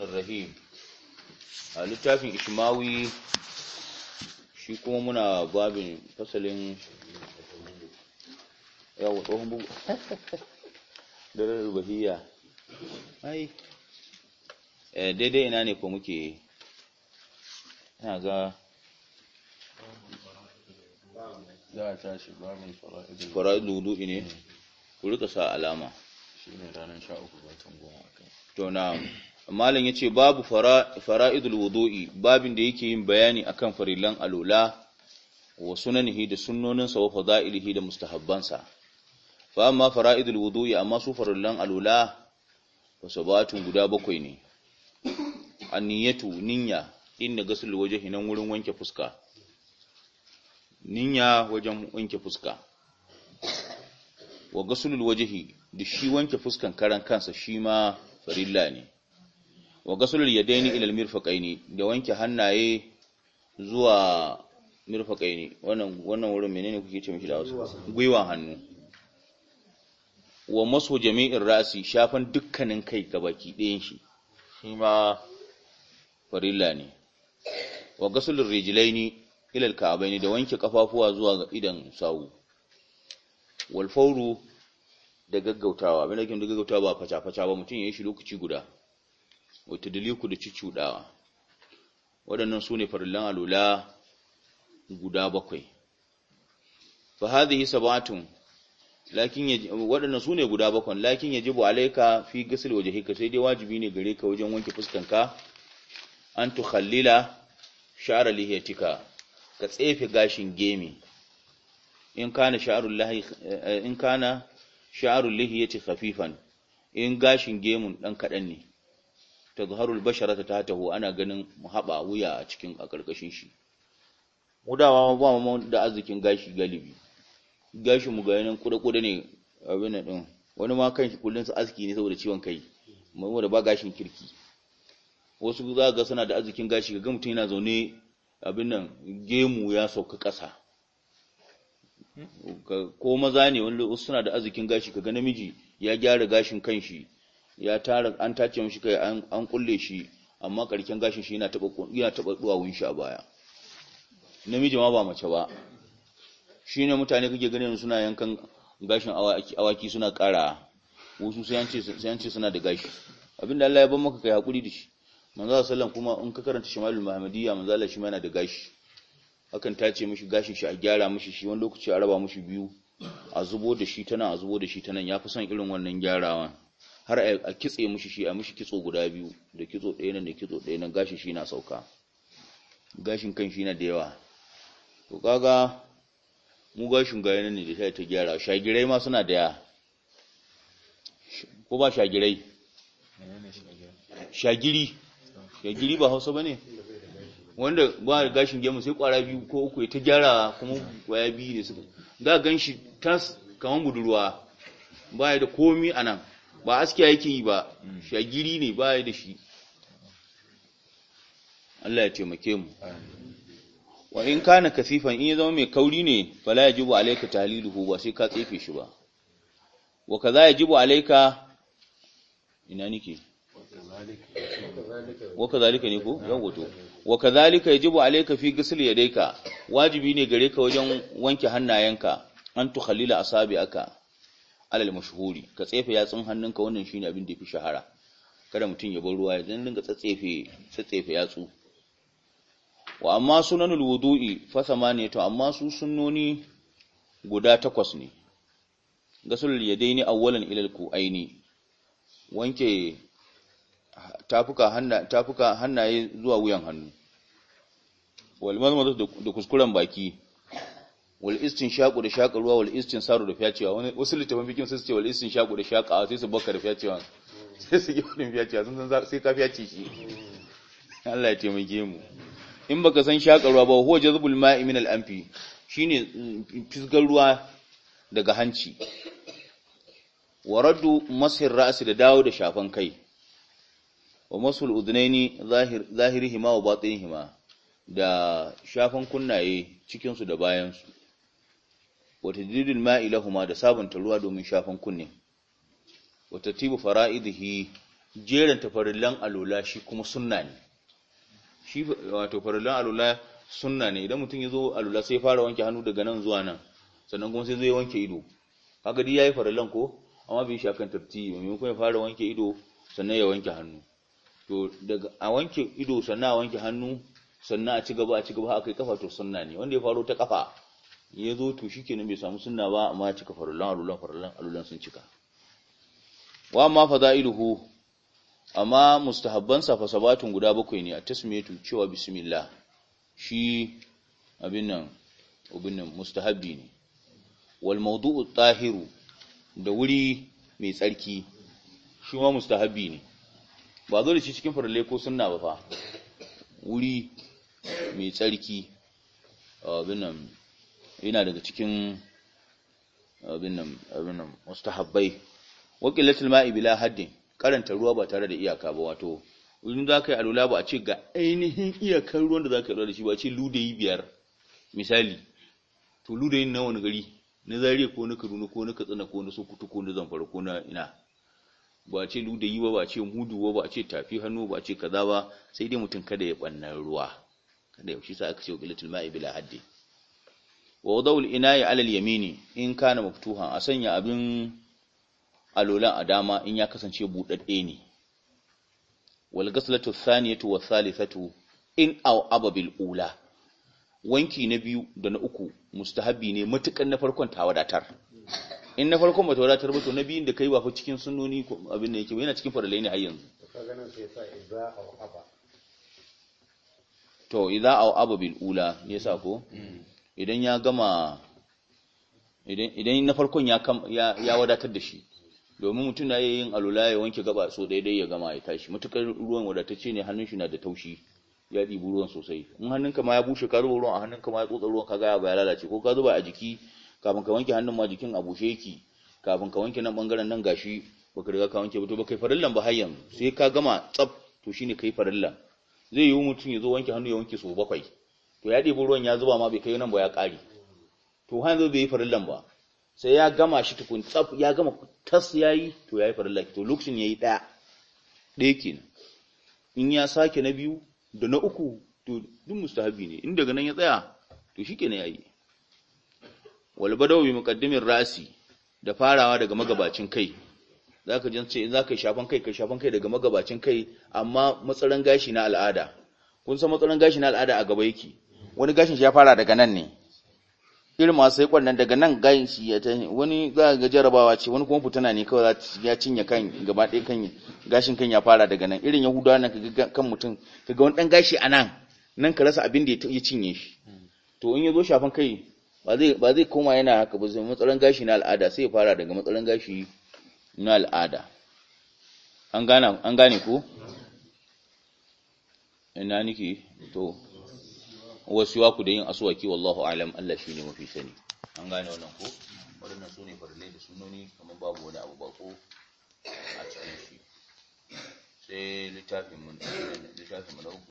Rahim a littafin Ishmawi shi kuma muna babin fasalin yawon tsohon bugu ai eh, daidai ina ne ko muke ina ga za a tashi babin fara'idul wudu'i ne hmm. ku rika sa alama shi ne ranar sha'uku batun goma a kai malam yace babu fara'idul wudu'i babin da yake yin bayani akan farillan alula wa sunanihi da sunnoninsa wa fada'ilihi da mustahabbansa fa amma fara'idul wudu'i amma su farillan alula batun guda bakwai ne niyyatu, niyya inda gasul wajhi nan wurin wanke fuska Ninya wajen wanke fuska wa gasulul wajhi da shi wanke fuskan karan kansa shi ma farilla ne wa gasulul yadaini ila almirfaqaini da wanke hannaye zuwa mirfaqaini wannan wannan wurin menene kuke ce mishi da wasu gwiwan hannu wa masu jami'in rasi shafan dukkanin kai gabaki ɗayan shi shi ma farilla ne wa gasulul rijlaini ila alka'abaini da wanke kafafuwa zuwa ga idan sawu wal fawru da gaggautawa bin da gaggautawa ba faca-faca ba mutum ya yi shi lokaci guda wata daliku da cicudawa waɗannan su ne farillan alula guda bakwai fa hadhihi sab'atun lakin waɗannan su ne guda bakwai lakin yajibu alayka fi ghusl wajhika sai dai wajibi ne gare ka wajen wanke fuskanka an tukhallila sha'ra lihiyatika ka tsefe gashin gemi in kana sha'arul lahi eh, in kana sha'arul lihiyati khafifan in gashin gemun dan kadan ne tazharul ta tahtahu ana ganin haba wuya a cikin a shi mu ba mu da arzikin gashi galibi gashi mu ga yanan kuda kuda ne abin din wani ma shi kullun su aski ne saboda ciwon kai mu wanda ba gashin kirki wasu za ga suna da arzikin gashi ga mutum yana zaune abin nan gemu ya sauka ƙasa ko maza ne wani suna da arzikin gashi kaga namiji ya gyara gashin kanshi ya tara an tace mishi kai an kulle shi amma karken gashin shi yana taba yana taba duwawun shi a baya namiji ma ba mace ba shine mutane kake ganin suna yankan gashin awaki suna kara wasu sai an ce suna da gashi abinda Allah ya ban maka kai hakuri da shi manzo sallan kuma in ka karanta shimalul muhammadiyya manzo Allah shi ma yana da gashi Hakan tace mishi gashin shi a gyara mishi shi wani lokaci a raba mishi biyu a zubo da shi tana a zubo da shi tana yafi son irin wannan gyarawa har a kitse mushi shi a mushi kitso guda biyu da kitso ɗaya nan da kitso ɗaya nan gashin shi na sauka gashin kan shi na da yawa to kaga mu gashin gaya nan ne da ta ta gyara shagirai ma suna da ya ko ba shagirai shagiri shagiri ba hausa ba ne wanda ba gashin gemu sai kwara biyu ko uku ta gyara kuma kwaya biyu ne suka ga ganshi tas kamar budurwa baya da komi anan. ba askiya yake yi ba shagiri ne ba da shi Allah ya taimake mu wa in kana kasifan in ya zama mai kauri ne fala yajibu alayka taliluhu ba sai ka tsefe shi ba wa kaza yajibu alayka ina nike wa kazalika ne ko yawo to wa kazalika yajibu alayka fi ghusl yadayka wajibi ne gare ka wajen wanke hannayenka an asabi aka alal mashhuri ka tsefe yatsun hannunka wannan shine abin da yafi shahara kada mutum ya bar ruwa ya dinga tsatsefe tsatsefe yatsu wa amma sunanul wudu'i fa To amma su sunnoni guda takwas ne gasul yadaini awwalan ila al-ku'aini wanke tafuka hanna tafuka hannaye zuwa wuyan hannu wal mazmadu da kuskuren baki wal istin shaqu da shaqarwa wal istin saru da fiyacewa wani wasu littafin fikin sai su ce wal istin shaqu da shaqawa sai su baka da fiyacewa sai su yi wani fiyacewa sun san sai ka fiyace shi Allah ya taimake mu in baka san shaqarwa ba huwa jazbul ma'i min al anfi shine mm, fisgar ruwa daga hanci wa raddu masir ra'si da dawo da shafan kai wa masul udnaini zahir zahirihima wa batinihima da shafan kunnaye cikinsu da bayansu Wata didil ma'i lahuma da sabunta ruwa domin shafan kunne Wata tibu fara'idihi jeran tafarillan alola shi kuma sunna ne shi wato farillan alola sunna ne idan mutum ya zo alola sai fara wanke hannu daga nan zuwa nan sannan kuma sai zo ya wanke ido di ya yi farillan ko amma bai shafan tartibi maimakon ya fara wanke ido sannan ya wanke hannu to daga a wanke ido sannan a wanke hannu sannan a ci gaba a ci gaba akai kafa to sunna ne wanda ya faro ta kafa ya zo to shi kenan bai samu sunna ba amma ya cika farullan alulan farullan alulan sun cika wa amma fadailuhu amma mustahabban sa fa sabatun guda bakwai ne a tasmiyatu cewa bismillah shi abin nan abin nan mustahabbi ne wal mawdu'u tahiru da wuri mai tsarki shi ma mustahabbi ne ba zo da shi cikin farle ko sunna ba fa wuri mai tsarki abin nan yana daga cikin abin nan mustahabbai wakilatul ma'i bila haddin karanta ruwa ba tare da iyaka ba wato idan za yi alula ba a ce ga ainihin iyakar ruwan da za ka yi da shi ba a ce ludayi biyar misali to ludayin na wani gari na zariya ko na kaduna ko na katsina ko na sokoto ko na zamfara ko na ina ba a ce ludayi ba ba a ce mudu ba ba a ce tafi hannu ba a ce kaza ba sai dai mutum kada ya bannan ruwa kada ya shi sa aka ce wakilatul ma'i bila haddin wa udawul inayi alal yamini in kana maftuha a sanya abin alolan a dama in ya kasance budadde ne wal ghaslatu thaniyatu wa thalithatu in aw ababil ula wanki na biyu da na uku mustahabi ne matukan na farkon ta wadatar in na farkon ba ta wadatar ba to na biyun da kai wafa cikin sunnoni abin da yake yana cikin faralai ne har yanzu to idza aw ababil ula ne yasa ko mm. idan ya gama idan na farkon ya wadatar da shi domin mutum na yin alula ya wanke gaba so daidai ya gama ya tashi matukar ruwan wadatacce ne hannun shi na da taushi ya ɗibi ruwan sosai in hannunka ma ya bushe ka ruwan a hannunka ma ya tsotsa ruwan ka gaya ba ya lalace ko ka zuba a jiki kafin ka wanke hannun ma jikin a bushe yake kafin ka wanke nan bangaren nan gashi baka riga ka wanke ba to baka yi farillan ba har yanzu sai ka gama tsaf to shine kai farillan zai yi mutum ya zo wanke hannu ya wanke so bakwai to ya ɗibi ruwan ya zuba ma bai kai nan ba ya ƙare to hanzo bai yi farillan ba sai ya gama shi tukun tsaf ya gama tas ya yi, to ya yi farillan to lokacin yi ɗaya ɗaya kenan in ya sake na biyu da na uku to duk mustahabi ne in daga nan ya tsaya to shi na yayi wal badawi muqaddimin rasi da farawa daga magabacin kai zaka jin ce in zaka shafan kai ka shafan kai daga magabacin kai amma matsaran gashi na al'ada kun san matsaran gashi na al'ada a gaba yake wani gashin shi ya fara daga nan ne irin masu sai nan daga nan gashin shi ya tani wani za ga jarabawa ce wani kuma fitana ne kawai ya cinye kan gaba ɗaya kan gashin kan ya fara daga nan irin yahudawa nan kan mutum ga wani ɗan gashi a nan nan ka rasa abin da ya cinye shi to in ya zo shafan kai ba zai koma yana haka ba zai matsalan gashi na al'ada sai ya fara daga matsalan gashi na al'ada an gane ko ina nike to ku da yin ki wallahu alam Allah ne mafi sani an gane wannan ko wadannan ne farle da sunoni kamar babu wani abu bako a cikin shi sai littafin mun littafin mun